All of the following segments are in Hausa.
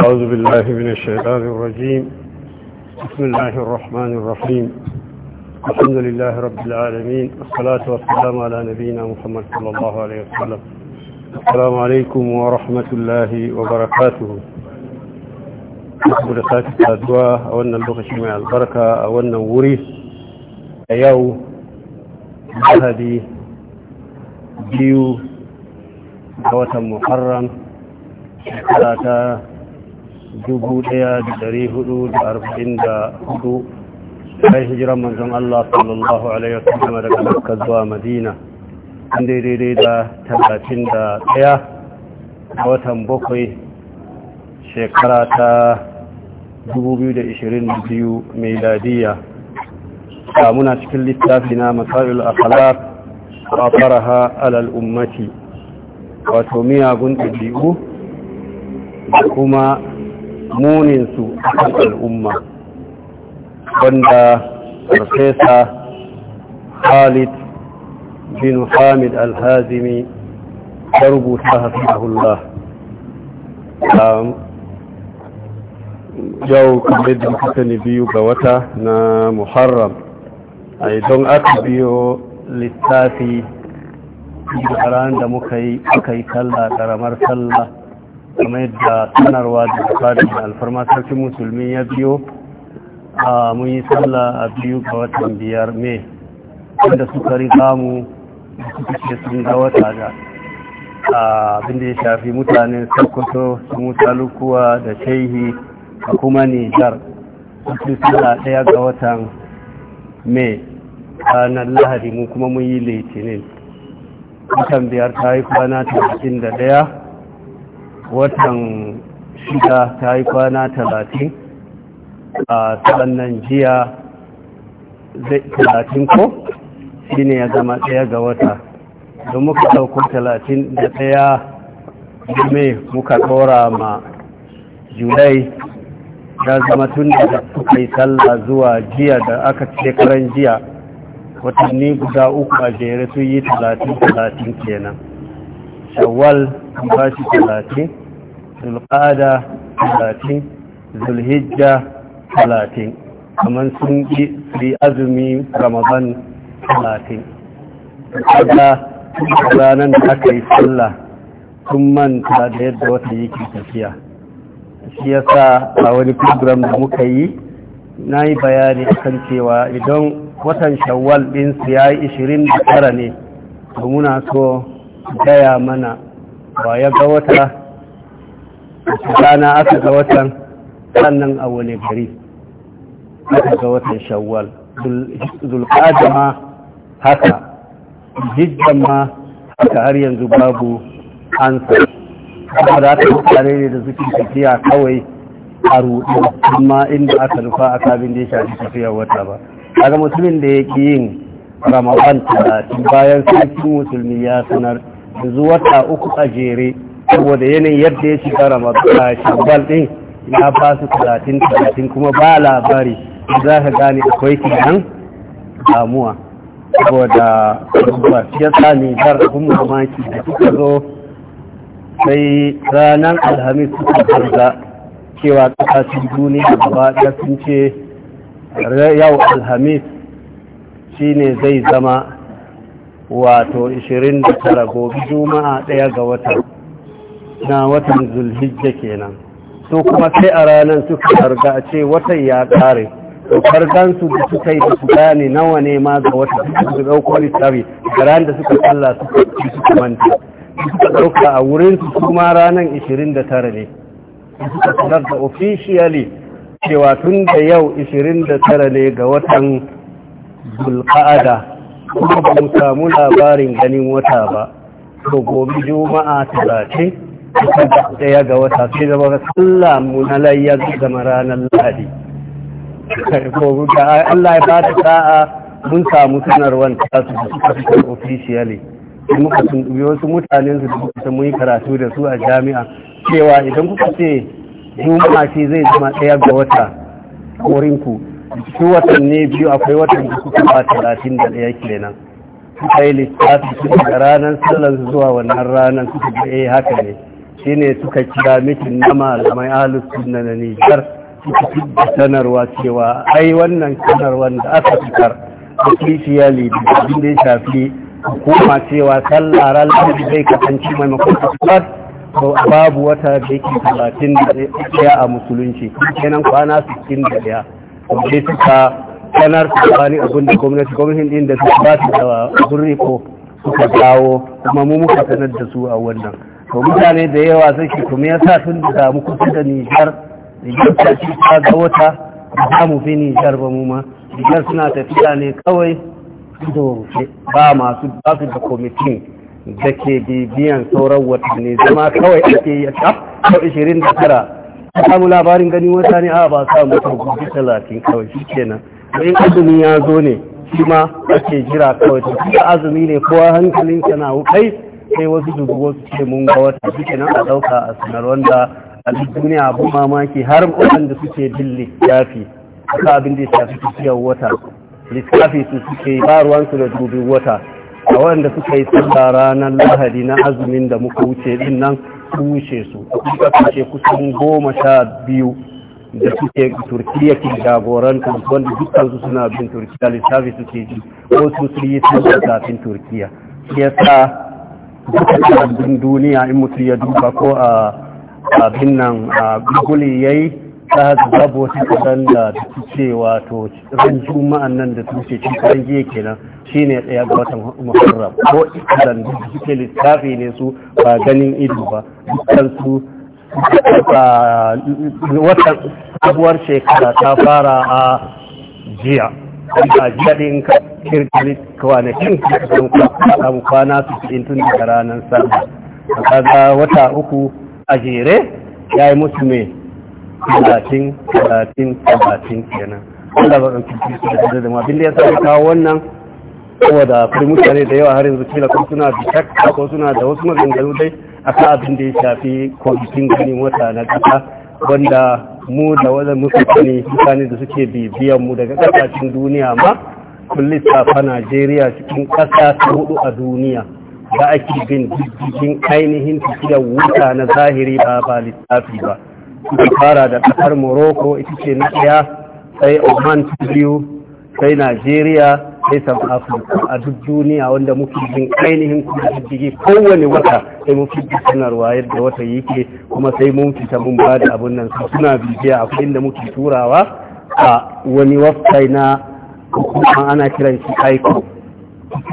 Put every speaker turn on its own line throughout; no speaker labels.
أعوذ بالله من الشيطان الرجيم بسم الله الرحمن الرحيم الحمد لله رب العالمين والصلاة والسلام على نبينا محمد
صلى الله عليه
وسلم السلام عليكم ورحمة الله وبركاته أخبر ساكت الدعاء أولنا اللغة شمع البركة أولنا وري أيو هذه بيو دوة محرم شكرا a sai hijiran manzon Allah sallallahu alaihi wasallam daga Makka zuwa Madina inda daidai da talatin daya a watan bakwai shekara ta 2022 miladiya muna cikin littafi na matsayin akhlaq a faraha alal ummati wato miyagun ɗabi'u da kuma muninsu a kan al'umma wanda farfesa khalid bin hamid alhazimi ya rubuta hafizahullah um, yau kamar da ne biyu ga wata na muharram a idan aka biyo littafi da da muka yi aka yi sallah karamar sallah kamar yadda sanarwa da tsarin alfarma sarki musulmi ya biyo a mun yi sallah a biyu ga watan biyar mai wanda suka riga mu suka ce sun ga wata da abinda ya shafi mutanen sarkoto su mutalukuwa da shaihi a kuma nijar sun suna ɗaya ga watan mai ranar lahadi mu kuma mun yi litinin watan biyar ta yi kwana 31 watan shida ta yi kwana talatin a sannan jiya talatin ko shi ne ya zama ɗaya ga wata don muka ɗauko talatin da ɗaya game muka ɗora ma julai ya zama tun da suka yi sallah zuwa jiya da aka ce karan jiya watanni guda uku a jere sun yi talatin talatin kenan shawwal ba shi talatin zulƙada talatin zulhijja talatin kamar sun yi fi azumi ramadan talatin kada ranar da aka yi sallah sun manta da yadda wata yake tafiya shi ya sa a wani program da muka yi na yi bayani a kan cewa idan watan shawwal ɗinsu ya yi 29 ne to muna so gaya mana ba ya ga wata rana aka ga watan sannan a wani gari aka ga watan shawwal zulƙada ma haka jidda ma haka har yanzu babu ansa kuma da aka mutane ne da suke tafiya kawai a rudu amma inda aka nufa a kabin da ya shafi tafiya wata ba daga musulmin da ya ki yin ramadan talatin bayan sarkin musulmi ya sanar yanzu wata uku a jere saboda yanayin yadda ya shiga ramadan shabbal ɗin ya ba su talatin talatin kuma ba labari za ka gane akwai kinan damuwa saboda abubuwa ya sami zarafin mamaki da suka zo sai ranar alhamis suka zarga cewa kasashen duniya gaba ya sun ce yau alhamis shi ne zai zama wato 29 gobe juma'a ɗaya ga watan na watan zulhijja kenan su kuma sai a ranar suka farga a ce watan ya kare to fargansu da suka yi da su gane nawa ne ma ga wata su ɗauko littafi da ranar da suka su suka manta
suka ɗauka a
wurinsu kuma ranar 29 ne suka sanar da officially cewa tun da yau 29 ne ga watan zulka'ada kuma ba mu samu labarin ganin wata ba to gobe juma'a talatin ɗaya ga wata sai zama ga sallah munalai ya zama ranar lahadi ko ga Allah ya bata sa'a mun samu sanarwar ta su suka officially muka tundubi wasu mutanen su da mun yi karatu da su a jami'a cewa idan kuka ce juma'a ce zai zama ɗaya ga wata shi su watanni biyu akwai watan da suka ba talatin da ɗaya kenan suka yi littafi su daga ranar sallar zuwa wannan ranar su ga eh haka ne Shi ne suka kira mitin na malamai ahlus sunna na Nijar suka da sanarwa cewa ai wannan sanarwar da aka fitar officially da abin da ya shafi hukuma cewa sallah ranar zai kasance maimakon kasuwar babu wata da yake talatin da a musulunci kenan kwana sittin da ya. kuma suka sanar tsakanin abin da gwamnati gwamnatin din da su ba su da ko suka kawo kuma mu muka sanar da su a wannan to mutane da yawa sai ke kuma ya sa tun da samu kusa da nijar nijar ta ci ta ga wata ba za mu fi nijar ba mu ma nijar suna tafiya ne kawai ido ba masu ba su da kwamitin da ke bibiyan sauran watanni zama kawai ake yi a kaf ishirin da tara samu labarin gani wata ne a ah, ba sa mutu gudu talatin kawai shi kenan wani azumi ya zo ne shi ma ake jira kawai ta azumi ne kowa hankalin na wukai sai wasu dubu su ce mun ga wata suke nan a ɗauka a sanar wanda a duk duniya abin mamaki har da suke bin littafi ka abin da ya shafi tafiyar wata littafi su suke ba ruwansu da dubi wata a waɗanda suka yi sallah ranar lahadi na azumin da muka wuce din nan su wuce su a kuka kace kusan goma sha biyu da suke turkiya ke jagoranta wanda dukkansu suna bin turkiya littafi suke ji ko su su yi sallah kafin turkiya yasa duka duniya in mutum ya duba ko a abin nan a google ya yi ta babu wasu kadan da su ce wato ran juma'an nan da su ce cikin giye kenan shine ɗaya ga watan muharram ko idan suke littafi ne su ba ganin ido ba dukkan su watan sabuwar shekara ta fara a jiya ba jiya da in ka kirkiri kwanakin kwana su cikin tun ranar sallah a kaga wata uku a jere ya yi musu mai talatin talatin talatin kenan wanda ba ɗauki da zama abin da ya sami kawo wannan saboda mutane da yawa har yanzu kila ko suna da shakka ko suna da wasu maganganu dai akan abin da ya shafi kwamitin ganin wata na ƙasa wanda mu da wanda muka sani mutane da suke bibiyan mu daga kasashen duniya ma kun lissafa Najeriya cikin ƙasa ta hudu a duniya da ake bin diddigin ainihin tafiyar wuta na zahiri ba ba lissafi ba suka fara da ƙasar Morocco ita ce na ɗaya sai Oman ta biyu sai Najeriya sai south a duk duniya wanda muke jin ainihin kuma jirgi kowane wata sai mun fita sanarwa yadda wata yake kuma sai mun fita mun ba da abun nan suna bibiya akwai da muke turawa a wani website na kuma ana kiran shi aiko.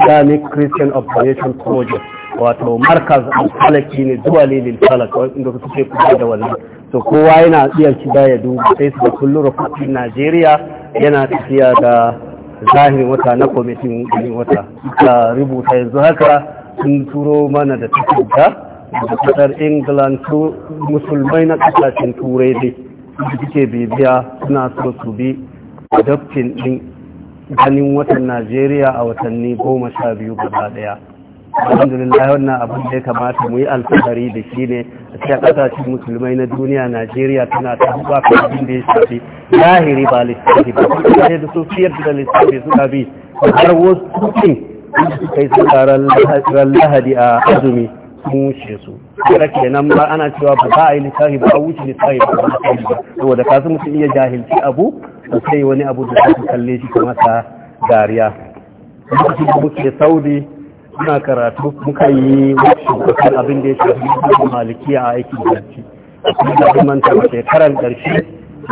islamic christian operation project wato markaz al-falaki ne zuwa lilin falak inda suke kuma da wannan to kowa yana iya shiga ya duba sai su da kullum rufatin najeriya yana tafiya da zahirin wata na kwamitin ganin wata ta rubuta yanzu haka sun turo mana da takarda
da kasar
england su musulmai na kasashen turai ne da suke bibiya suna so su bi adoptin din ganin watan najeriya a watanni goma sha biyu gaba ɗaya.
alhamdulillah
wannan abin da ya kamata mu yi alfahari da shi ne a cikin kasashen musulmai na duniya najeriya tana ta zuwa ka abin da ya shafi lahiri ba lissafi ba kuma da su fiyar da lissafi suka bi har wasu tukin inda suka yi ran lahadi a azumi sun wuce su kira nan ba ana cewa ba za a yi lissafi ba a wuce lissafi
ba ba a yi ba
saboda kasu mutum iya jahilci abu sai wani abu da za su kalle shi kamar ta dariya. Mutum da muke Saudi muna karatu muka yi wasu abin da ya shafi maliki a aikin zarci kuma da manta shekarar ƙarshe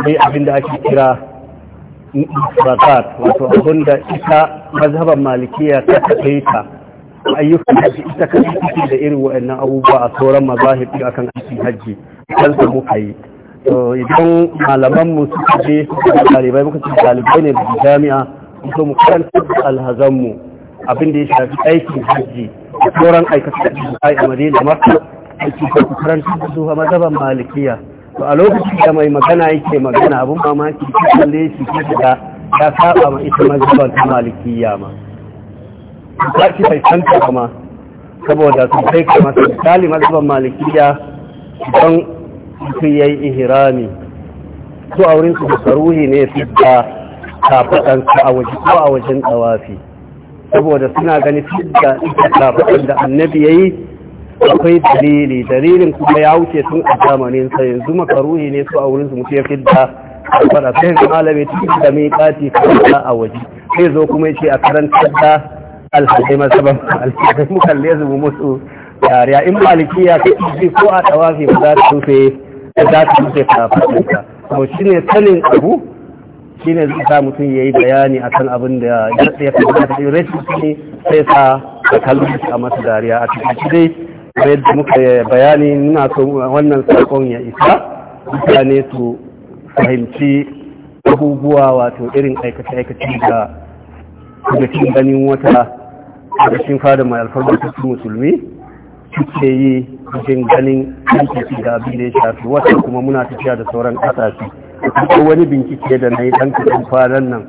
sai abin da ake kira bakat wato abin da ita mazhaban ya ta kaɗai ta ayyukan hajji ita kan ciki da irin wa'annan abubuwa a sauran mazahibi kan aikin hajji kan su muka yi to idan malamanmu suka je ɗalibai muka ce ɗalibai ne da jami'a muka mu karanta alhazanmu abin da ya shafi aikin hajji da sauran aikata da ai a madina maka aiki ko karanta da su mazhaban malikiya to a lokacin da mai magana yake magana abin mamaki ta kalle shi ta ya saba ma ita mazhaban ta malikiya ma ta ki sai kanta kuma saboda sun kai kamar misali mazhaban malikiya don su yi yi ihirami su a wurin su da saruhi ne fi da kafaɗansa a waje ko a wajen tsawafi saboda suna gani fidda labarin da annabi ya yi akwai dalili dalilin kuma ya wuce tun a zamanin sa yanzu makaruhi ne su a wurin su mutu ya fidda fara sai yanzu malami tun da mai kati kuma a waje sai zo kuma ya ce a karantar da alhaji masaban alhaji mu kalle zubu musu yariya in malikiya ka ji ko a tawafi ba za ta rufe za ta rufe kafaɗinka to shine sanin abu shi ne sa mutum ya yi bayani a kan abin da ya kamata ya rashin ne sai sa a kalmar a masa dariya a cikin dai bayar da muka bayani nuna so wannan sakon ya isa mutane su fahimci abubuwa wato irin aikace-aikace da kwamitin ganin wata a cikin fada mai alfarmar cikin musulmi suke yi cikin ganin yankin da abin da ya shafi wata kuma muna tafiya da sauran ƙasashe akwai wani bincike da na yi ɗan kaɗan faran nan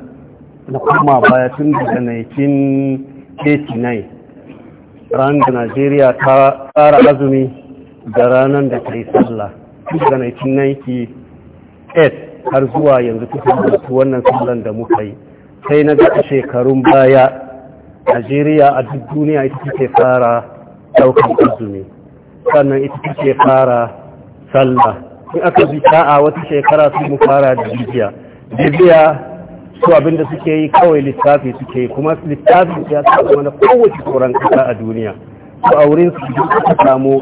na kuma baya tun daga 1989 ran da najeriya ta tsara azumi da ranar da ta yi sallah tun daga 1998 har zuwa yanzu kusan da wannan sallan da muka yi sai na ga shekarun baya najeriya a duk duniya ita take fara ɗaukar azumi sannan ita take fara sallah in aka ji a wata shekara su mu fara da jibiya jibiya su abinda suke yi kawai littafi suke yi kuma littafi ya samu mana kowace tsoron kasa a duniya su a wurin su duk aka samu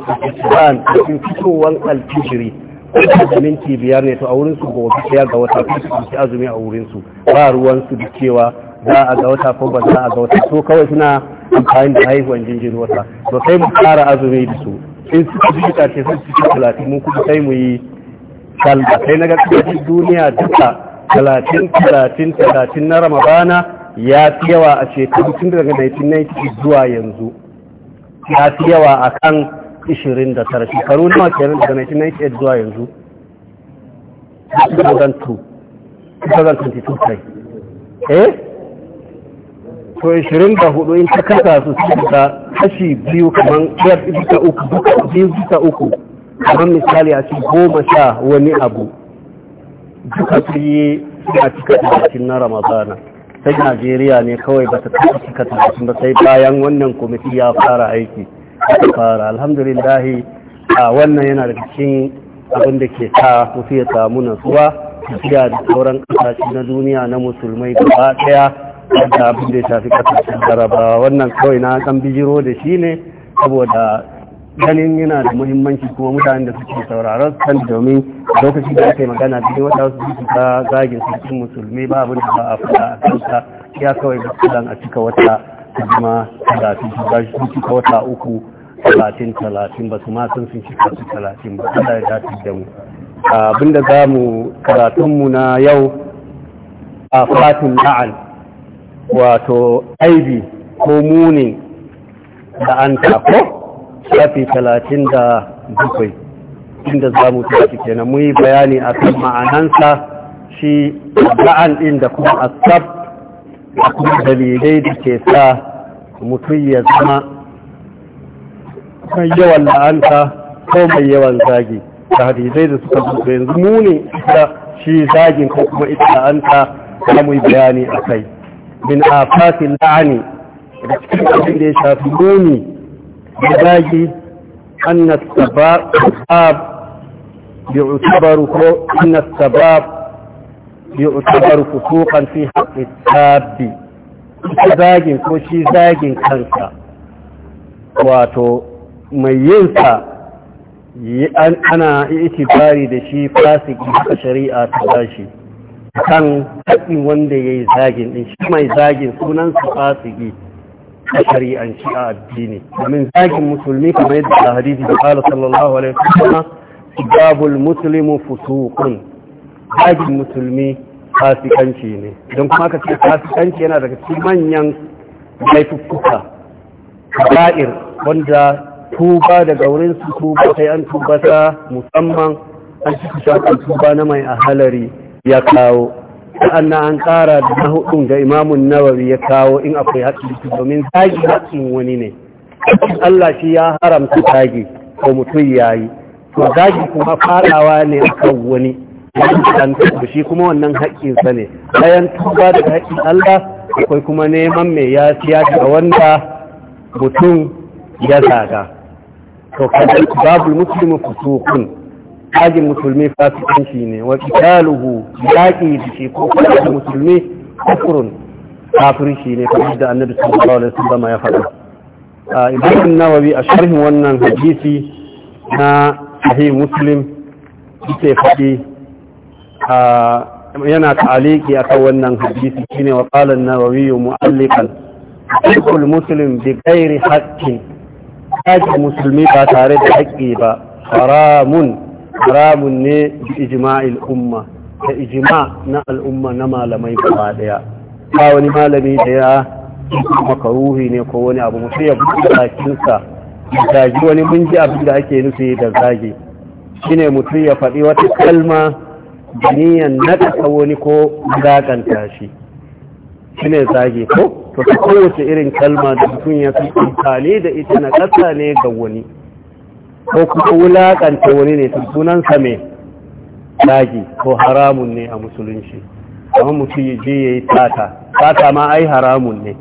ban da fitowar alfijiri da minti biyar ne to a wurin su gobe ɗaya ga wata ko su ci azumi a wurin su ba ruwan su duk cewa za a ga wata ko ba za a ga wata to kawai suna amfani da haihuwan jinjin wata to sai mu fara azumi da su in suka ji ta ce sun ci talatin mun kuma sai mu yi salla sai na ga cikin duniya duka talatin talatin talatin na ramadana ya fi yawa a shekaru tun daga zuwa yanzu ya fi yawa a kan 29 shekaru nawa kenan daga 1998 zuwa yanzu
2002
2022 kai eh to 24 in ta kasa su suka kashi biyu kamar ɗaya uku duka biyu bisa uku kamar misali a cikin goma sha wani abu duka fiye suna cika talatin na ramadana sai najeriya ne kawai ba ta taɓa cika talatin ba sai bayan wannan kwamiti ya fara aiki ya fara alhamdulillahi a wannan yana da cikin abin da ke sa mutu ya samu nasuwa tafiya da sauran ƙasashe na duniya na musulmai gaba ɗaya da abin da ya shafi ƙasashen jarabawa wannan kawai na kan bijiro da shi ne saboda ganin yana da muhimmanci kuma mutanen da suke sauraron san domin lokacin da aka yi magana cikin wata wasu su ta zagin sarkin musulmi ba abin da ba a fada a kansa ya kawai gaskiya a cika wata kuma talatin ba su cika wata uku talatin talatin ba su ma sun cika su talatin ba Allah ya dace da mu da za mu karatunmu na yau a fatin la'an wato aibi ko munin da an ko shafi talatin da bakwai inda za mu tafi kenan mu yi bayani a kan ma'anansa shi ba'an ɗin da kuma asab da kuma dalilai da ke sa mutum ya zama kan yawan la'anta ko mai yawan zagi da hadisai da suka zuwa yanzu muni ita shi zagin ko kuma ita la'anta za mu yi bayani a kai min afatin la'ani da cikin abin da ya shafi muni
يباجي
أن السباب يعتبر أن السباب يعتبر فسوقا في حق التاب zagin ko shi zagin kansa wato mai yinsa ana itibari da shi fasiki haka shari'a ta kan haƙin wanda ya yi zagin ɗin shi mai zagin sunansa fasiki a shari'anci a addini domin zagin musulmi kamar yadda a hadisi da kala sallallahu alaihi wasallam babul muslimu fusuqun zagin musulmi fasikanci ne don kuma ka ce fasikanci yana daga cikin manyan laifuffuka ba'ir wanda tuba daga wurin su tuba sai an tuba musamman an ci tuba na mai ahalari ya kawo sa'annan an ƙara na hudun ga imamun nawari ya kawo in akwai haƙƙi domin zagi haƙƙin wani ne Allah shi ya haramta zagi ko mutum ya yi to tagi kuma farawa ne akan wani da shi kuma wannan haƙƙinsa ne bayan tuba daga haƙƙin Allah akwai kuma neman mai ya siya ga wanda mutum ya zaga to kada babu muslimu kagin musulmi fasikanci ne wa qitaluhu yaqi da shi ko kuma musulmi kufrun kafirci ne kamar da annabi sallallahu alaihi wasallam ya faɗa ibn nawawi a sharhin wannan hadisi na sahih muslim yake faɗi yana ta'aliki akan wannan hadisi shine wa qala an-nawawi mu'alliqan kullu muslim bi gairi haqqin kaji musulmi ba tare da haƙƙi ba haramun haramun ne bi ijma'il umma ta ijma na al'umma na malamai gaba daya ba wani malami da ya makaruhi ne ko wani abu mutum ya buɗe bakinsa zagi wani mun ji abin da ake nufi da zagi shine mutum ya faɗi wata kalma jiniyan na wani ko gaganta shi shine zagi ko to kowace irin kalma da mutum ya fi amfani da ita na ƙasa ne ga wani ko kuma wulaƙanta wani ne sunansa mai daji ko haramun ne a musulunci kamar mutum ya je ya yi tata tata ma ai haramun ne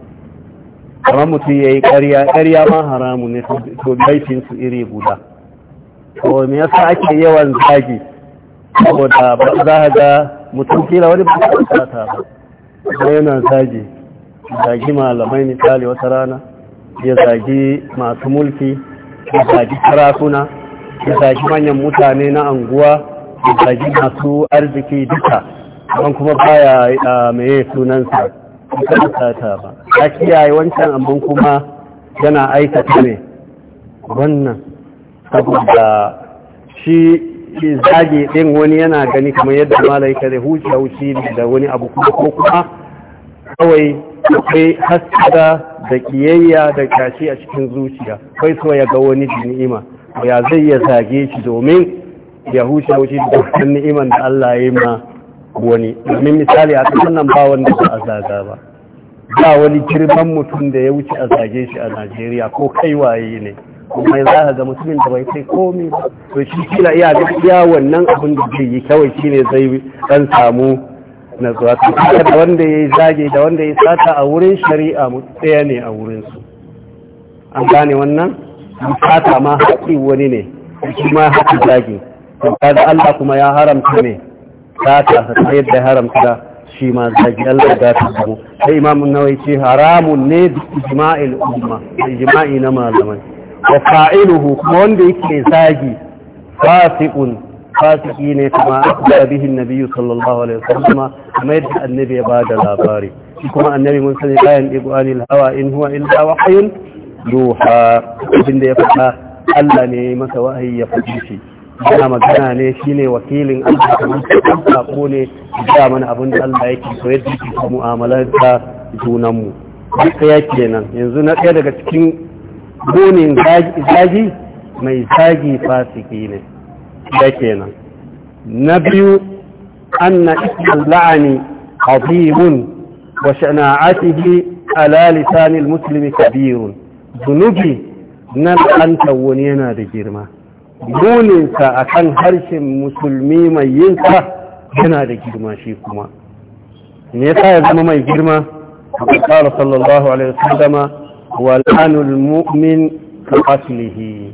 kamar mutum ya yi ƙarya ƙarya ma haramun ne to su iri guda to me yasa ake yawan zagi saboda ba za a ga mutum kila wani ba su tata ba ko yana zagi zagi malamai misali wata rana ya zagi masu mulki ya zagi sarakuna ya zagi manyan mutane na anguwa ya zagi masu arziki duka don kuma baya mai sunansa kan sata ba a kiyaye wancan amma kuma yana aikata ne wannan
saboda
shi zagi ɗin wani yana gani kamar yadda malaika da huce huce da wani abu kuma ko kuma kawai akwai haskada da kiyayya da kashi a cikin zuciya kai so ya ga wani ni'ima ya zai ya zage shi domin ya huce wuce da kan ni'iman da Allah ya yi ma wani domin misali a kan nan ba wanda ba a ba ba wani girman mutum da ya wuce a zage shi a Najeriya ko kai waye ne kuma za ka ga mutumin da bai kai komi ba to shi kila iya gaskiya wannan abin da zai yi kawai shine zai dan samu na zuwa da wanda ya yi zage da wanda ya sata a wurin shari'a ɗaya ne a wurinsu an gane wannan sata ma haƙi wani ne
kuma haƙi zage
da Allah kuma ya haramta ne sata ta yadda haramta shi ma zage Allah ya ta mu sai imam nawai ce haramun ne da ijma'il umma ijma'i na malamai wa fa'iluhu kuma wanda yake zagi fasiqun fasiki ne kuma da bihin nabi sallallahu alaihi wasallam kuma yadda annabi ya bada labari kuma annabi mun sani bayan iqanil hawa in huwa illa wahyun ruha abinda ya faɗa Allah ne masa wahayi ya faɗi shi yana magana ne shine wakilin Allah kuma sako ne ya mana abin da Allah yake so yadda yake so mu'amalarsa junan mu kenan yanzu na ɗaya daga cikin gonin zagi mai zagi fasiki ne da kenan na biyu anna ismul la'ani azimun wa shana'atihi ala lisanil muslimi kabirun zunubi na la'anta wani yana da girma buninsa a kan harshen musulmi mai yinsa yana da girma shi kuma me yasa ya zama mai girma a ƙasar sallallahu alaihi wasallama wal'anul mu'min ka aslihi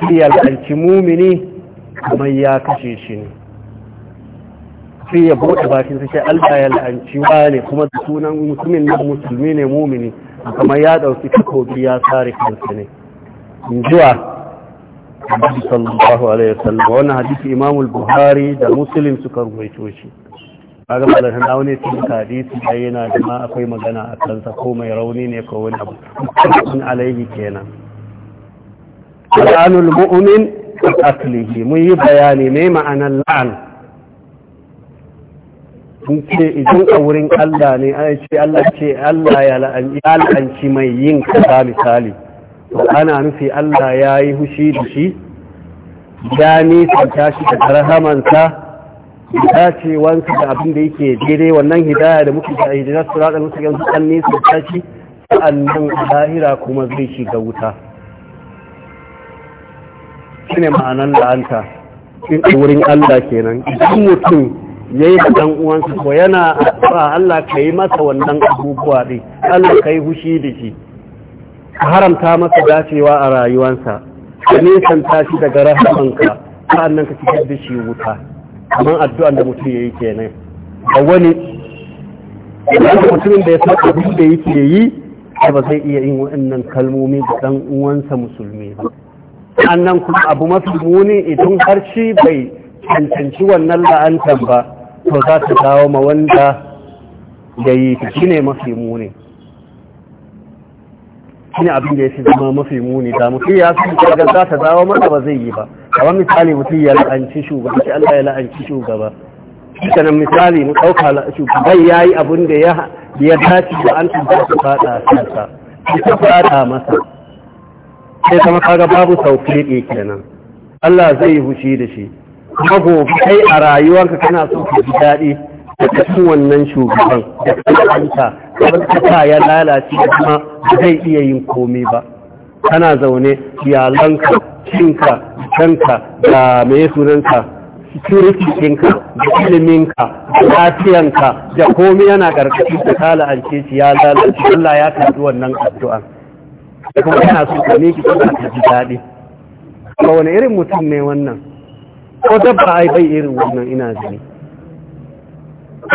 shi yal'anci mumini kamar ya kashe shi ne sai ya buɗe bakin sai Allah ya la'anci ne kuma sunan mutumin nan musulmi ne mumini kamar ya ɗauki takobi ya sare kansa ne in jiwa Annabi sallallahu alaihi wasallam wannan hadisi Imam al-Bukhari da Muslim suka rubuto shi kaga malamin da wani tun hadisi da yana da ma akwai magana a kansa ko mai rauni ne ko wani abu sun alaihi kenan al'anul mu'min an mun yi bayani mai ma'anar la'an mun ce idan a wurin Allah ne ai ce Allah ce Allah ya la'anci mai yin kasa misali to ana nufi Allah ya yi hushi da shi ya nisanta shi da ce dacewansa da abin da yake daidai wannan hidaya da muke da hidayar su da musu yanzu an nisanta shi sa'annan lahira kuma zai shiga wuta shi ne ma'anan la'anta shi wurin Allah kenan idan mutum ya yi da uwansa ko yana addu'a Allah ka yi masa wannan abubuwa ɗin Allah ka yi hushi da shi ka haramta masa dacewa a rayuwansa ka nisan tashi daga rahamanka sa'annan ka fitar da shi wuta kamar addu'an da mutum ya yi kenan da wani idan mutumin da ya san abin da yake yi ba zai iya yin waɗannan kalmomi da ɗan uwansa musulmi ba annan kuma abu mafi muni idan har shi bai cancanci wannan la'antar ba to za ta dawo ma wanda ya yi ta shi ne mafi muni shi ne abin da ya fi zama mafi muni da mutu ya fi daga za ta dawo mata ba zai yi ba kama misali mutum ya la'anci shugaba shi Allah ya la'anci shugaba nan misali mu ɗauka shugaban ya yi abin da ya dace da an tabbata fada kansa ta fada masa sai zama kaga babu tawfiqi kenan Allah zai hushi da shi kuma gobe kai a rayuwarka kana so ka ji daɗi da kasu wannan shugaban da kanta kamar kasa ya lalace kuma zai iya yin komai ba kana zaune iyalanka cinka canka da mai sunanka security ɗinka da iliminka da lafiyanka da komai yana ƙarƙashin da ta la'ance shi ya lalace Allah ya karɓi wannan addu'an da kuma yana so ka miki kuma ka ji daɗi ba wani irin mutum ne wannan ko dabba ai bai irin wannan ina gani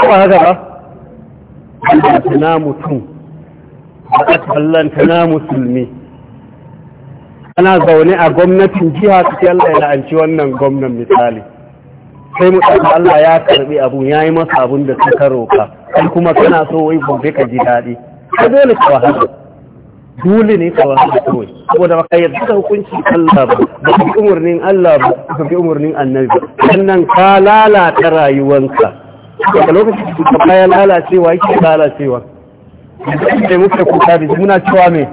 ko haka ba ta na mutum Ba a ta na musulmi ana zaune a gwamnatin jiha su ce Allah ya la'anci wannan gwamnan misali sai mu ɗauka Allah ya karɓi abu ya yi masa abun da suka roƙa kai kuma kana so wai gobe ka ji daɗi ka dole ka wahala dole ne ka wahala kawai saboda baka yadda da hukunci Allah ba ba ka umarnin Allah ba ba fi umarnin annabi Wannan sannan ka lalata rayuwanka daga lokacin da ka baya lalacewa yake lalacewa da muke kuka da muna cewa me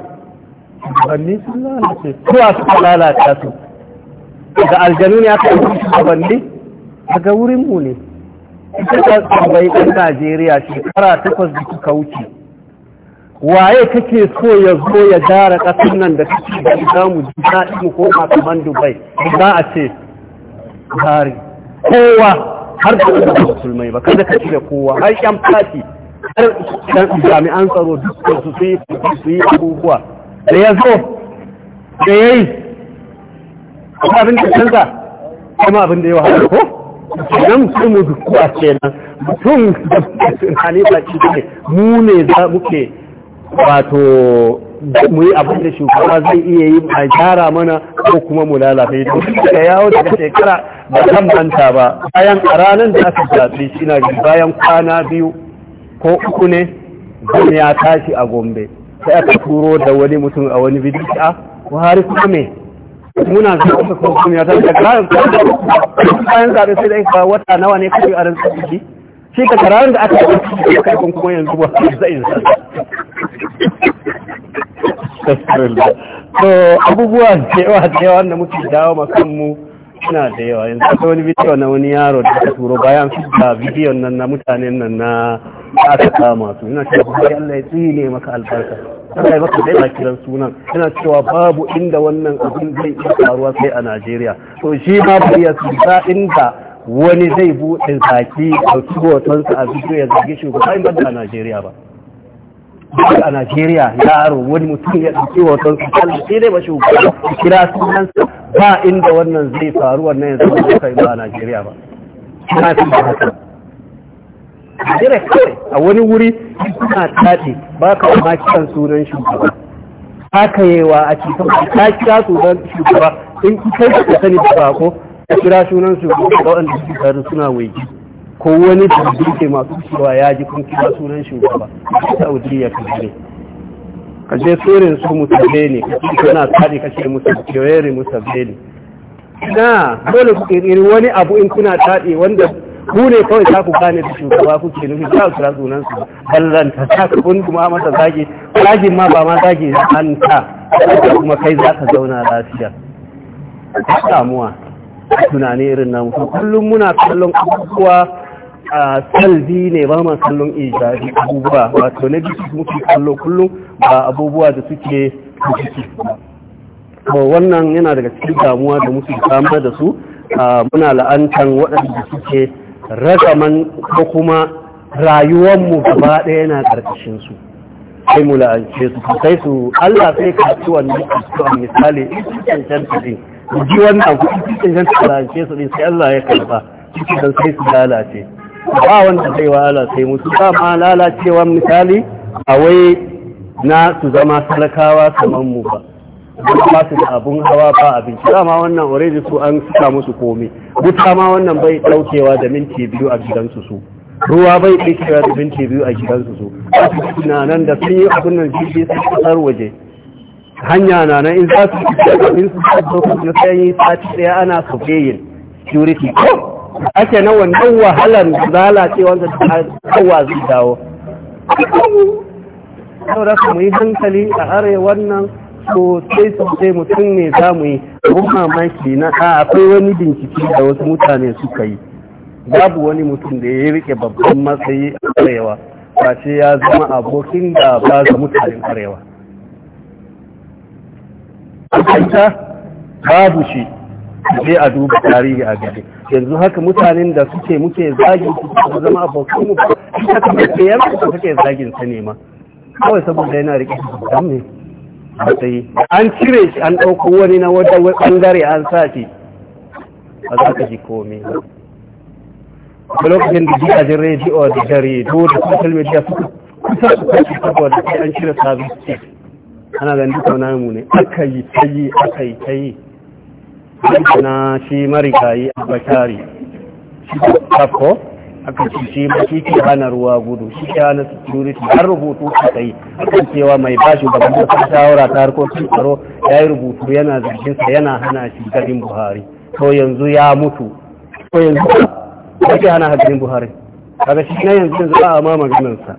banni sun lalace
kowa suka lalata su da aljanu ne aka yi banni ga wurin mu ne ita ta bai ɗan Najeriya shekara takwas da kuka wuce waye kake so ya zo ya gyara ƙasar nan da kake da za mu ji daɗi mu koma kaman dubai za a ce kowa har da wanda musulmai ba kada ka ci da kowa har yan fati har ɗan jami'an tsaro duk su su yi abubuwa da ya zo da ya yi abin da canza kuma abin da ya wahala ko idan mu duk a kenan mutum da ba ne mu ne za muke wato mu yi abin da shugaba zai iya yi a gyara mana ko kuma mu lalace to daga yawo daga shekara ba kan manta ba bayan a ranar da aka zaɓe shi na bayan kwana biyu ko uku ne zan ya tashi a gombe sai aka turo da wani mutum a wani a, ah, buhari kuma me muna ga kuma kuma ya tashi bayan zaɓe sai da wata nawa ne yi a rantsar shi ka kararin da aka yi karfin kuma yanzu ba zai to abubuwa da yawa da yawa da muke dawo mu suna da yawa yanzu akwai wani bidiyo na wani yaro da aka turo bayan su da bidiyon nan na mutanen nan na aka kama su yana cewa kuma yalla ya ne maka albarka Allah ya maka dai kiran sunan yana cewa babu inda wannan abin zai iya faruwa sai a Najeriya to shi ma bai ya inda wani zai buɗe zaki da hotonsa a video ya zage shugaban ba banda a Najeriya ba duk a Najeriya yaro wani mutum ya ɗauki hoton su kan sai dai ba shugaban kira sunansa ba inda wannan zai faru wannan yanzu suka yi ba a Najeriya ba kina fi da haka
Najeriya kawai
a wani wuri suna taɗe ba ka ma kiran sunan shugaba haka yewa a cikin ka kira sunan shugaba in kai ka sani da bako a kira sunansu waɗanda su tare suna wai ko wani da ke masu cewa ya ji kun kira sunan shugaba a ta ka ya ka kaje tsorin su mutane ne kana tsari kashe musu kewere musu beli na dole ku kirkiri wani abu in kuna tsari wanda ku ne kawai za ku gane da shugaba kuke nufi za ku kira sunan su ballan ta ta kun kuma masa zaki, zagin ma ba ma zaki an ta kuma kai za ka zauna lafiya damuwa tunani irin namu kullum muna kallon abubuwa a salbi ne ba ma kallon ijabi abubuwa wato na biyu muke kallo kullum ba abubuwa da suke bukiki ba wannan yana daga cikin damuwa da muke samar da su muna la'antan waɗanda suke ragaman ko kuma mu gaba ɗaya yana ƙarƙashin su sai mu la'ance su sai su Allah sai ka ci misali in cancanta din ji wannan ku cikin kan tsarance su ne sai Allah ya karba cikin sai su lalace ba wanda sai wahala sai musu ba ma lalacewa misali a wai na su zama talakawa kamar mu ba ba su da abun hawa ba abinci ma wannan already su an suka musu komi wuta ma wannan bai daukewa da minti biyu a gidansu su ruwa bai ɗaukewa da minti biyu a gidansu su a cikin nan da sun yi abun nan jirgin sai waje hanya na nan in za su in su zo na sai sati ɗaya ana su surveying security ko ake na wannan wahalan wanda da kowa zai dawo da su yi hankali a arewar nan su ce mutum ne za mu yi abin mamaki na a akwai wani bincike da wasu mutane suka yi babu wani mutum da ya rike babban matsayi a arewa ba ce ya zama abokin da ba ga mutanen arewa ta babu shi je a duba tarihi a gari yanzu haka mutanen da suke muke zagin su su zama abokan mu ba ita kuma ce yana su kake zagin sa ne ma kawai saboda yana rike da dan ne sai an cire shi an dauko wani na wata bangare an sa shi za ka ji komai
ba lokacin da ji a jin
rediyo da dole da social media suka kusa su kashe saboda sai an cire sabis ana ganin duka mu ne aka yi ta yi aka yi ta yi na shi marigayi a bakari shi tafko aka ci shi ma shi ke hana ruwa gudu shi ke hana security har rubutu a yi. akan cewa mai ba shi gaban da shawara ta harkokin tsaro ya yi rubutu yana sa, yana hana shi garin buhari to yanzu ya mutu to yanzu
ba ke hana garin
buhari kaga shi na yanzu yanzu ba a ma maganarsa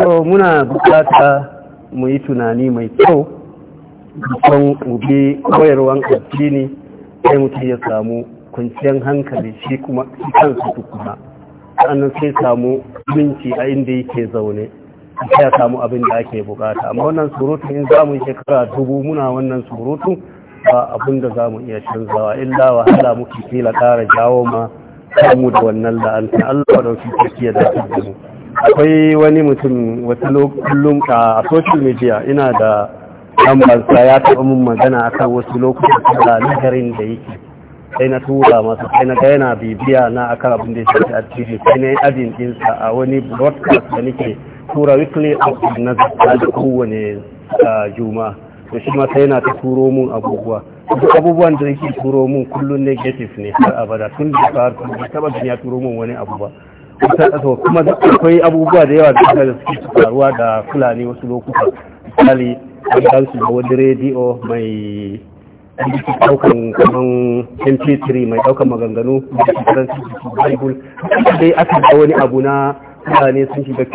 to muna bukata mu yi tunani mai kyau don gube koyarwan addini sai mutum ya samu kwanciyar hankali shi kuma shi kansa tukuna sannan sai samu minci a inda yake zaune sai ya samu abin da ake bukata amma wannan surutu in za mu yi shekara dubu muna wannan surutu ba abin da za mu iya canzawa illa wahala muke fila ƙara jawo ma kanmu da wannan la'anta Allah da wasu tafiya da su akwai wani mutum wasu kullum a social media ina da basa ya taɓa mun magana akan wasu lokutan da lagarin da yake sai na tura masu sai na yana bibiya na akan abin da ya a addini sai na yi ajin a wani broadcast da nake tura weekly outfit na zata da kowane juma to shi ma sai yana ta turo mun abubuwa abubuwan da yake turo mun kullum negative ne har abada tun da ya taɓa ya turo mun wani abu ba kuma akwai abubuwa da yawa da da suke faruwa da fulani wasu lokuta misali an gansu da wani rediyo mai daukan kaman mp3 mai daukan maganganu da karanci bible dai aka da wani abu na mutane sun shiga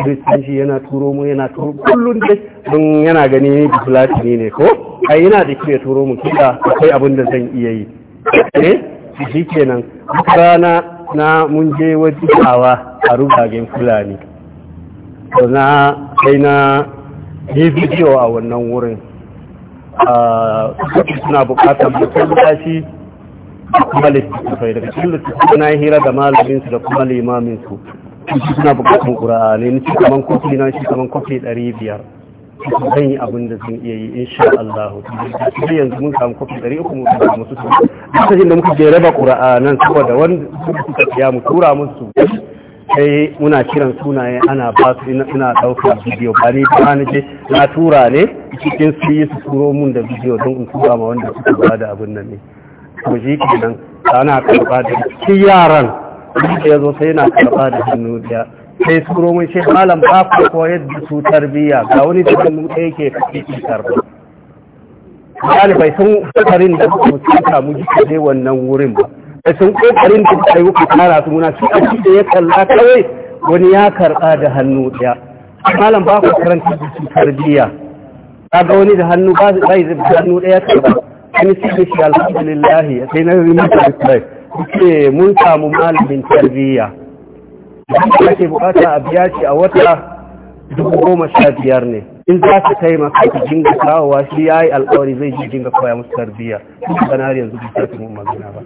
shi yana turo mu yana turo kullum dai don yana gani bifulati ne ko ai yana da kire turo mu kila akwai abin da zan iya yi eh shi kenan rana na mun je wajen kawa a rugagen fulani to na sai na yi video a wannan wurin suna bukatar mutum tashi kuma littattafai daga cikin littattafai yi hira da malaminsu da kuma limaminsu suna bukatar ƙura'ani ni ci kaman kofi na shi kaman kofi 500 zan yi abin da zan iya yi insha Allah sai yanzu mun samu kofi uku, mu da musu su lokacin da muka je raba qur'anan saboda wanda suka tsaya mu tura musu sai muna kiran sunaye ana ba su ina ɗaukar bidiyo ba ni ba na je na tura ne cikin su yi su turo mun da bidiyo don in tura ma wanda suka ba da abin nan ne to shi kenan ana karɓa da cikin yaran da ya zo sai yana karɓa da hannu daya sai turo mai ce malam ba ku koyar da su tarbiya ga wani da kan ke yake fiki tarbiyya ɗalibai sun kokarin da su tsaka mu ji kaje wannan wurin ba da sun kokarin da kai ku tsara su muna shi aji da ya kalla kawai wani ya karɓa da hannu ɗaya malam ba ku karanta da su tarbiyya kaga wani da hannu ba su zai da hannu ɗaya karɓa wani ke shi alhamdulillah sai na rimata da kai ke mun samu malamin tarbiya ake bukata a biya shi a wata dubu goma sha biyar ne in za ka taimaka ki jinga kawowa shi ya yi alkawari zai ji jinga koya musu tarbiyya kana har yanzu za su
mun magana ba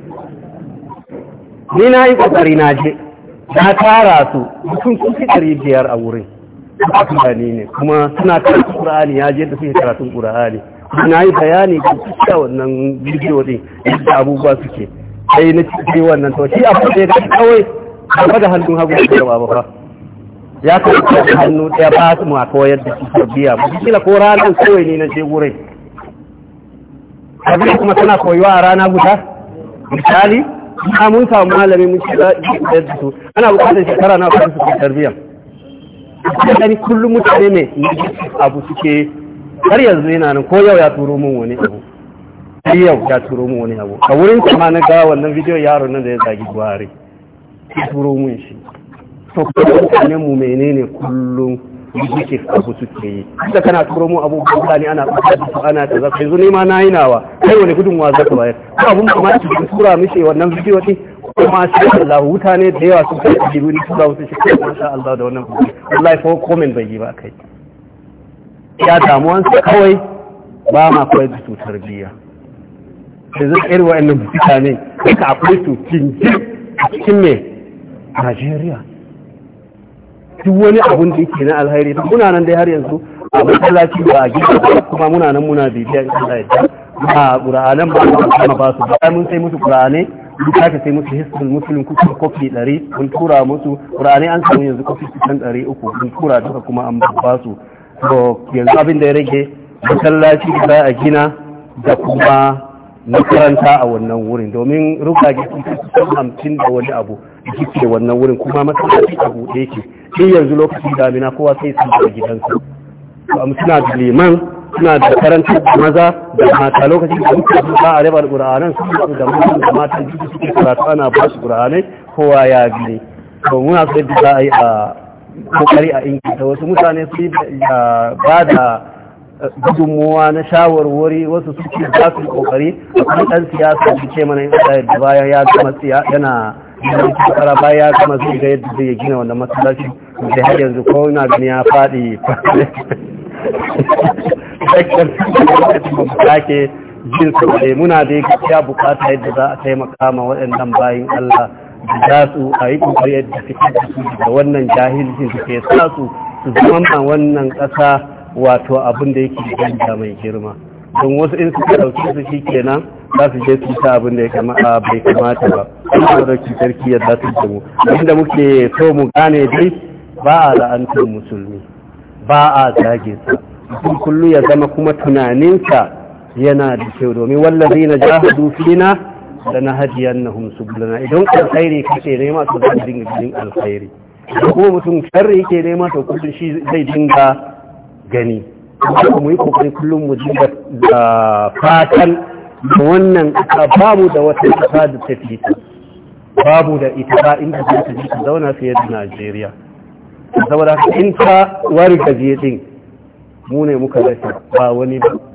ni na yi kokari na je na tara su mutum sun fi ɗari biyar a wurin Kurani ne kuma suna karatu Kur'ani ya je da suke karatun Kur'ani na yi bayani ga kusa wannan bidiyo din yadda abubuwa suke sai na cikin wannan to shi abu da kawai ba da hannun hagu da gaba ba ya kamata da hannu ɗaya ba su ma koyar da su tarbiya ba kila ko ranar kawai ne na je wurin abin kuma tana koyuwa a rana guda misali na mun samu malami mun shiga da su ana bukatar shekara na kwanci su tarbiya gani kullum mutane ne abu suke har yanzu yana nan ko yau ya turo mun wani abu yau ya turo mun wani abu a wurin kama na ga wannan bidiyon yaron nan da ya zagi buhari ya turo mun shi to kuma mu menene kullum yake abu suke yi da kana turo mu abu abubuwa ne ana tsaka da su ana kaza kai zo nema na yinawa kai wani gudun wa zaka bayar ko abun kuma ki tura mishi wannan bidiyo din kuma sai Allah huta ne da yawa sun kai jibi ne tura wasu shi kai insha Allah da wannan wallahi ko comment bai yi ba kai ya damuwan sa kawai ba ma koyar da tutar biya da zai irin wa'annan mutane ka akwai su kin a cikin me Najeriya duk wani abun da yake na alheri muna nan dai har yanzu a masallaci ba a gida kuma muna nan muna bibiya in Allah ya ba Qur'anan ba mu kuma ba su ba mun sai musu Qur'ane mun ka sai musu hisbul muslim kuma kofi 100 mun tura musu Qur'ane an samu yanzu kofi 300 mun tura duka kuma an ba su to yanzu abin da ya rage masallaci ba a gina da kuma makaranta a wannan wurin domin rukage sun hamsin da wani abu da ke wannan wurin kuma masallaci a buɗe yake in yanzu lokacin damina kowa sai sun da gidansa mu suna da liman suna da karanta maza da mata lokacin da muka zuwa a rabar qur'anan sun da mutum da mata duk suke karatu ana ba su qur'anai kowa ya gine to muna so za a yi a kokari a inki wasu mutane su ah, ba da gudunmuwa na shawarwari wasu suke za su kokari a ɗan siyasa su ce mana yadda bayan ya gama yana kara bayan ya gama su ga yadda zai gina wannan masallaci da har yanzu ko na gani ya faɗi sake jin sauƙi muna ya bukata yadda za a taimaka ma waɗannan bayan Allah da za su a yi kokari yadda suke da su da wannan jahilcin da ke sa su su zama wannan ƙasa wato abin da yake danja mai girma don wasu in suka dauke su shi kenan za su je su ta abin da ya a bai kamata ba kuma da sarki ya su da mu inda muke so mu gane dai ba a la'antar musulmi ba a zage sa mutum kullu ya zama kuma tunaninsa yana da kyau domin wallazi na jahadu fina da na hadiyannahum sublana idan alkhairi kace ne ma su zai dinga jin alkhairi kuma mutum sharri yake nema to kullum shi zai dinga gani kuma mu yi kokari kullum mu ji da fatan wannan babu da wata kasa da ta fita babu da ita ba inda za ta ji ta zauna fiye da Najeriya saboda in ta wari gaje din mu ne muka rasa ba wani ba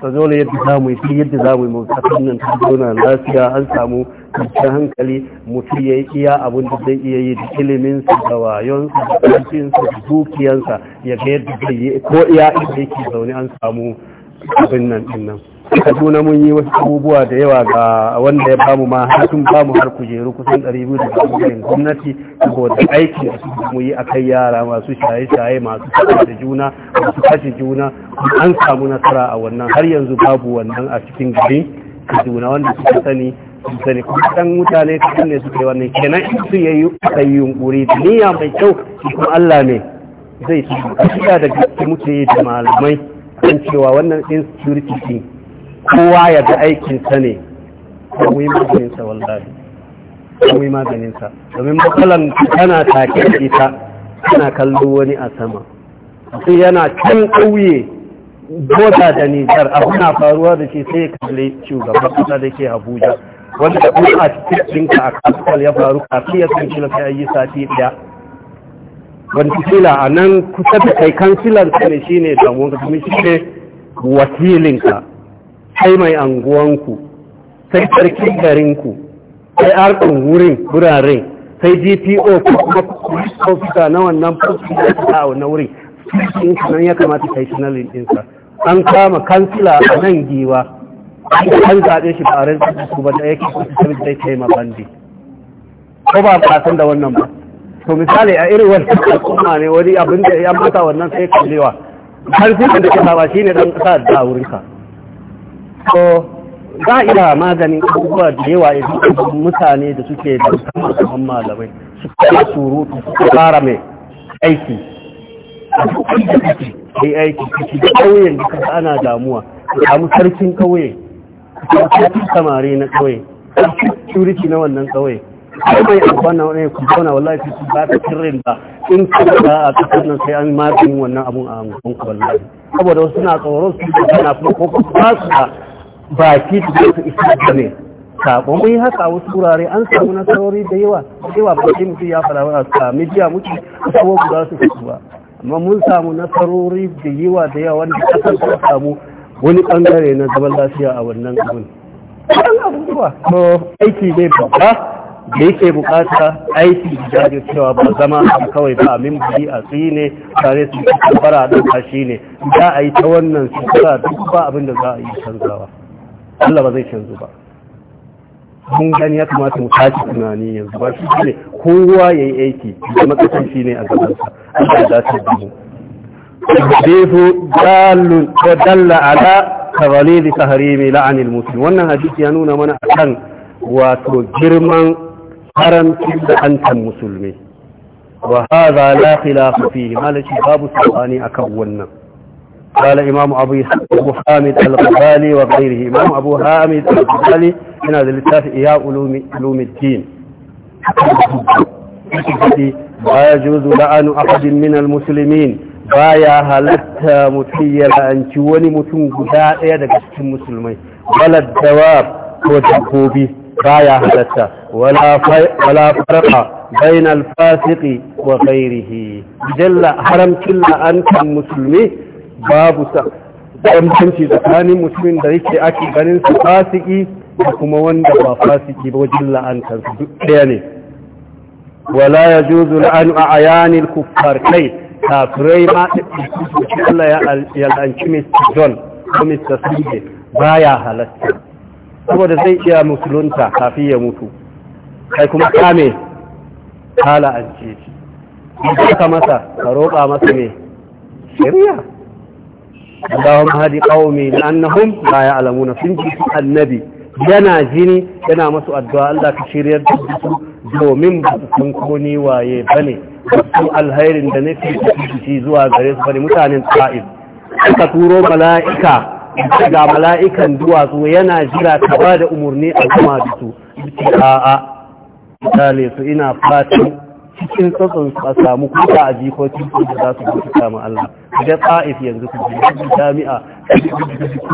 ta ne yadda za mu yi yadda za mu yi mutafin nan ta na lafiya an samu kwanciyar hankali mutum ya yi iya abin da zai iya yi da iliminsa da wayonsa da ƙarfinsa da dukiyansa ya ga yadda zai yi ko iya inda yake zaune an samu abin nan ɗin nan kaduna mun yi wasu abubuwa da yawa ga wanda ya bamu ma har sun bamu har kujeru kusan 200 da gwamnatin gwamnati saboda aiki da su mu yi akai yara masu shaye-shaye masu fada da juna masu kashe juna an samu nasara a wannan har yanzu babu wannan a cikin gari kaduna wanda suka sani sun sani kuma dan mutane kan ne suka yi wannan kenan in su yayi aka yunkuri da niyya mai kyau kuma Allah ne zai ci a da gaske muke da malamai kan cewa wannan insecurity kowa ya ga aikinsa ne
ba maganinsa
wallahi ba maganinsa domin matsalan tana take da ita tana kallo wani a sama sai yana can ƙauye
bota da nijar abu na
faruwa da shi sai ya kalli shugaban kasa da ke abuja wanda da kuma a cikin ka a kasuwar ya faru kafin ya san shi lafiya ayi sati ɗaya wani kila a nan kusa da kai kansilan su ne shi ne damuwa ka kuma shi ne wakilinka sai mai anguwanku sai sarkin garinku sai arkin wurin wuraren sai G.P.O ko kuma police officer na wannan post da ta a na wurin sun nan ya kamata kai shinalin ɗinsa an kama kansila a nan giwa an zaɓe shi ba a rantsar da su ba da yake kusa sabis zai kai mabandi ko ba a san da wannan ba to misali a irin wannan al'umma ne wani abin da ya mata wannan sai kallewa har sai da ka saba ne dan sa da wurinka so za a iya maganin abubuwa da yawa idan mutane da suke da musamman malamai su fara surutu su fara mai aiki a aiki da kake kai aiki da ƙauyen da kasa ana damuwa ka samu sarkin ƙauye ka samu samari na ƙauye ka samu na wannan ƙauye sai mai amfana wani ku zauna wallahi su ba ta kirrin ba in ka da a kasar nan sai an magani wannan abun a hankali wallahi saboda wasu na tsoron su da na kuma ko ba su ba. baki da su isa da ne sabon mai haka wasu wurare an samu nasarori da yawa yawa baki mutu ya fara a midiya muke a ku za su fito ba amma mun samu nasarori da yawa da yawa wanda kasar ta samu wani bangare na zaman lafiya a wannan abin abubuwa to aiki ne babba da yake bukata aiki da cewa ba zama a kawai ba min bari a tsaye ne tare su fara da kashi ne za a yi ta wannan su duk ba abin da za a yi canzawa Allah ba zai canzu ba mun gani ya kamata mu tashi tunani yanzu ba shi ne kowa ya yi aiki da makasan shi ne a sa. Allah ya dace da mu hadithu dalun wa dalla ala taghlid tahrimi mai al musulmi. wannan hadisi ya nuna mana akan wato girman haramcin da hantan musulmi wa hadha la khilaf fihi malaki babu sabani akan wannan قال إمام أبو حامد الغزالي وغيره إمام أبو حامد الغزالي من هذا الإتلاف يا علوم الدين لا يجوز لأن أحد من المسلمين بايا هلت متحيّل أن تواني متون قداء يدك المسلمين ولا الدواب وجبه به بايا هلت ولا, ولا فرق بين الفاسق وغيره جل حرم كل أنت المسلمين babu sa bambanci tsakanin mutumin da yake ake ganin su fasiki da kuma wanda ba fasiki ba wajen la'antar su duk ɗaya ne wala ya juzu la'anu a ayanin kufar kai kafirai ma ɗin Allah ya la'anci Mr. John ko Mr. Sunday ba ya halatta saboda zai iya musulunta kafin ya mutu kai kuma kame ka la'anci shi ka masa ka roƙa masa ne shirya اللهم na قومي لأنهم لا يعلمون سنجي annabi yana jini yana masu addu'a Allah ka shiryar da domin ba su san ko ni waye bane su alhairin da nake ciki zuwa gare su bane mutanen ta'ib aka turo mala'ika ga mala'ikan duwatsu yana jira ta ba da umarni a kuma da su a'a misali su ina fatan cikin tsatsun a samu kuka a jikokin da za su kuka samu Allah da ta'if yanzu ku ji jami'a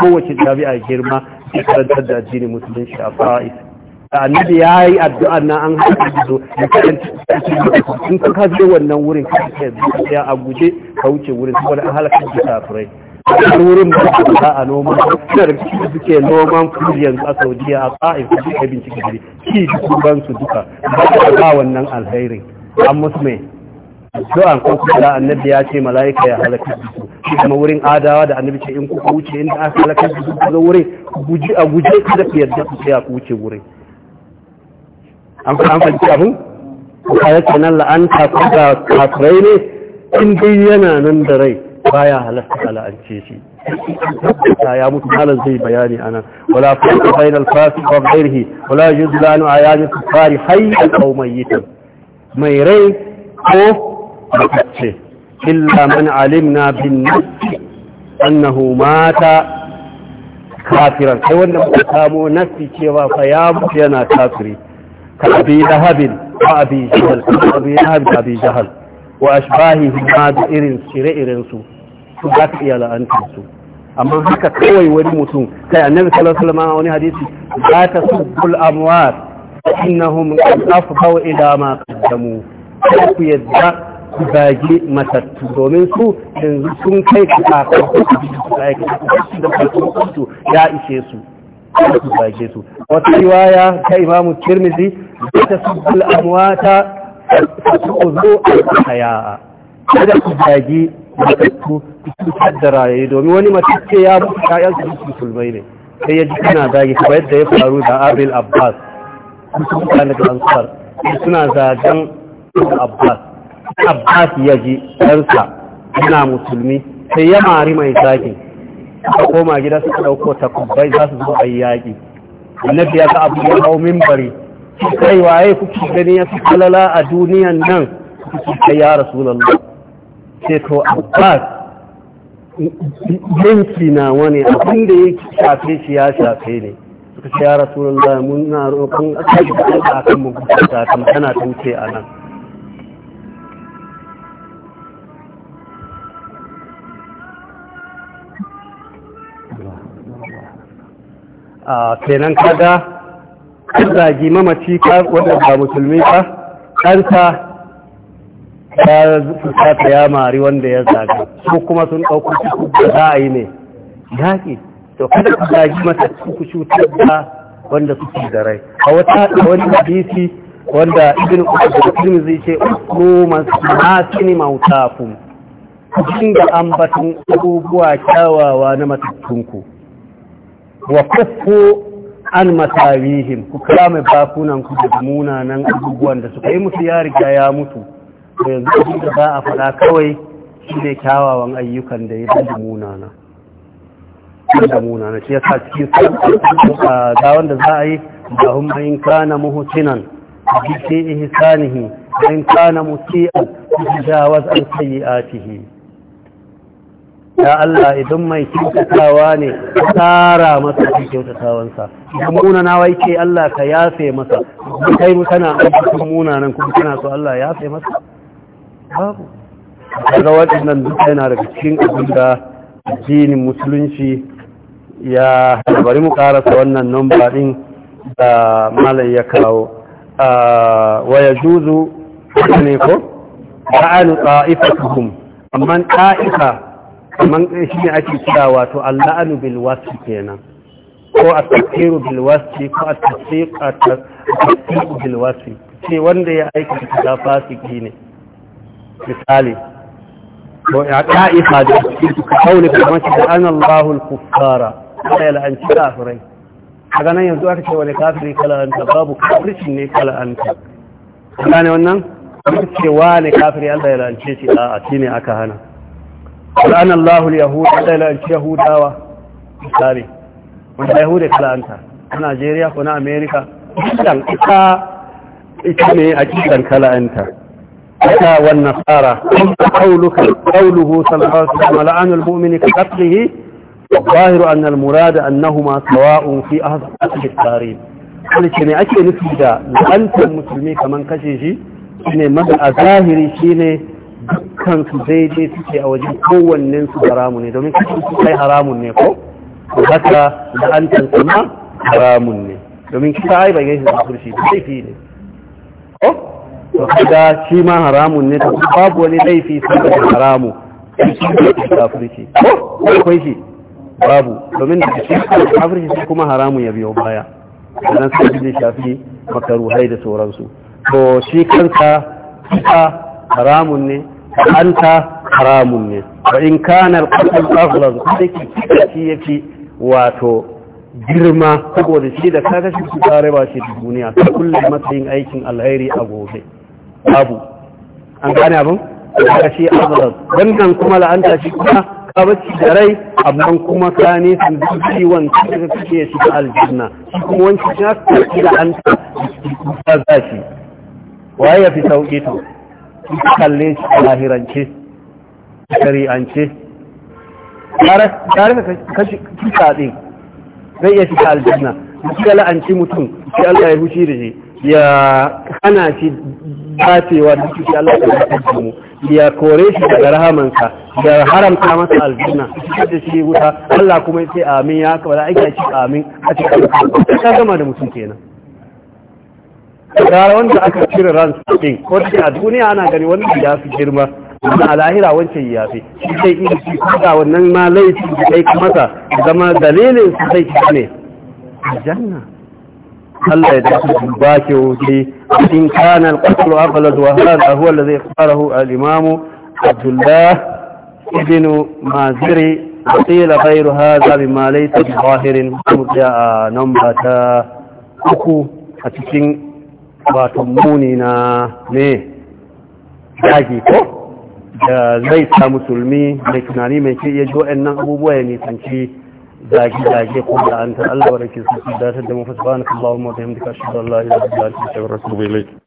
kowace jami'a girma ke karantar da addinin musulunci a ta'if annabi ya yi addu'a na an haɗa da zo da karantar in ka je wannan wurin ka ce ya a guje ka wuce wurin saboda an halaka da kafirai har wurin ba a za a noman da rikici suke noman fujiyan a saudiya a ta'if da bincike gari shi duk ban su duka ba ta ba wannan alherin an musu mai an ko kuma annabi ya ce mala'ika ya halaka su shi kuma wurin adawa da annabi ce in kuka wuce inda aka halaka su ku zo wurin guji a guje kada ku yarda ku tsaya ku wuce wurin an fa an ji abin ku kaya ce nan la'anta ko da kafirai ne in dai yana nan da rai baya halaka la'ance shi ya mutu halan zai bayani ana wala fa'ida al fasiq wa ghayrihi wala yujlanu ayatu kufari hayyan aw mayyitan mai rai ko matacce illa man alimna bin nasi annahu mata kafiran kai wanda muka samo nasi cewa fa ya mutu yana kafiri ka abi lahabin wa abi jahal ka abi lahabin da abi jahal wa ashbahi ma da irin ire-iren su su za ka iya la'antar su amma haka kawai wani mutum kai annabi sallallahu alaihi wasallam wani hadisi za ta subbul amwat innahum qad afqaw ila ma qaddamu ku yadda zagi matattu domin su yanzu sun kai kakakon da farkonsu ya ishe su su zage su wata riwaya ta imamu tirmizi da ta amwata su uzo haya'a kada ku zagi matattu su da rayayi domin wani matacce ya mutu shayar da musulmai ne sai ya ji kana zagi kamar yadda ya faru da abil abbas su mutane da suna zagen abbas abbas ya ji ɗansa yana musulmi sai ya mari mai zagin suka koma gida suka ɗauko takubbai za su zo a yi yaƙi annabi ya ga abu ya hau mimbari kai waye kuke gani ya fi kalala a duniyan nan kuke kai ya rasulallah ce to abbas yanki na wani abin da ya shafe shi ya shafe ne suka ce ya rasulullah mun na roƙon aka da a kan mu ta kan tana tuce a nan a kenan kaga kan zagi mamaci ka wanda ba musulmi ba ta ya ta ya mari wanda ya zagi ko kuma sun ɗauko su da za a yi ne yaƙi to kada ku zagi masa ku cutar da wanda suke da rai a wata wani hadisi wanda ibn Qasim zai ce ku masini ga an ambatun abubuwa kyawawa na matattunku wa kufu an matawihim ku mai bakunan ku da munanan abubuwan da suka yi musu ya riga ya mutu to yanzu da za a faɗa kawai shi ne kyawawan ayyukan da ya da munana da muna na ya sa cikin ga wanda za a yi da humma in kana muhsinan bi ihsanihi in kana muti'an tajawaz an sayyi'atihi ya Allah idan mai kyautatawa ne tsara masa cikin kyautatawansa idan munana wai ce Allah ka yafe masa kai mu kana aikin munanan kuma tana so Allah yafe masa babu daga waɗannan duka yana daga cikin abin da addinin musulunci ya bari mu karasa wannan numba din da malam ya kawo wa yajuzu ne ko ta'anu ta'ifatuhum amma ta'ifa kaman shi ne ake kira wato alla'anu bil wasfi kenan ko a takfiru bil wasfi ko a tasfiq at-tasfiq bil wasfi ce wanda ya aiki da fasiki ne misali ko ya ta'ifa da su kauli kamar shi da anallahu al-kuffara Allah ya la'anci kafirai a ganin yanzu aka ce wani kafiri kala'anta babu kafircin ne kala'anta a gane wannan aka ce ne kafiri Allah ya la'anci shi a shi ne aka hana ƙul'an Allah yahudu Allah ya la'anci yahudawa misali
wanda yahudu kala'anta
a Najeriya ko na Amerika Kisan ita ita ne a kisan kala'anta aka wannan tsara kuma kauluka kauluhu sallallahu alaihi wa sallam la'anul mu'mini ka qatlihi الظاهر أن المراد أنهما سواء في أهل التاريخ wani ce mai ake nufi da la'antar musulmi kamar kashe shi shine mafi a zahiri shine dukkan su daidai suke a wajen kowannen su ne domin kai haramun ne ko haka la'antar su ma haramun ne domin kisa ai bai gaisa da kurshi ba laifi ne ko to kaga shi ma haramun ne to babu wani laifi sai da haramu shi ne kafirci ko babu domin da shi kafirci sai kuma haramun ya biyo baya sannan sai zai shafi makaruhai da sauransu to shi kanka ka haramun ne anta haramun ne wa in kana al-qatl afdal yafi wato girma da shi da kaga shi su tare ba shi duniya ta kullu matsayin aikin alheri a gobe babu an gane abin kaga shi wannan kuma la'anta shi kuma ka bacci da rai amma kuma ka ne zuci ciwon suka kake ya shiga aljanna shi kuma wancan ya ka da an ta zafi waye ya fi sauƙi to kalle shi lahirance shari'ance tare da kashi kisa din zai iya shiga aljanna shi ya la'anci mutum shi Allah ya hushi da shi ya hana shi dacewa da shi Allah ya hushi da mu ya kore shi daga rahamansa ya haramta masa aljanna da shi wuta Allah kuma ya ce amin ya kawai ba a amin a cikin ta gama da mutum kenan gara wanda aka cire ran din ko a duniya ana gani wanda ya fi girma na a lahira wancan ya fi shi sai in shi kusa wannan ma laifi da ya masa zama dalilin su sai ne aljanna Allah ya dace da baki wuce in kana al-qatl aghlad wa hada huwa alladhi ikhtarahu al-imam Abdullah ibn Maziri قيل غير هذا بما ليس بظاهر مرجع نمرة uku a cikin wato muni na ne yaki ko da zai sa musulmi mai tunani mai ke iya jo nan abubuwa ya nisanci zage-zage ko da an ta Allah wa rake su da ta da mafi subhanaka Allahumma wa bihamdika ashhadu an la ilaha illa
anta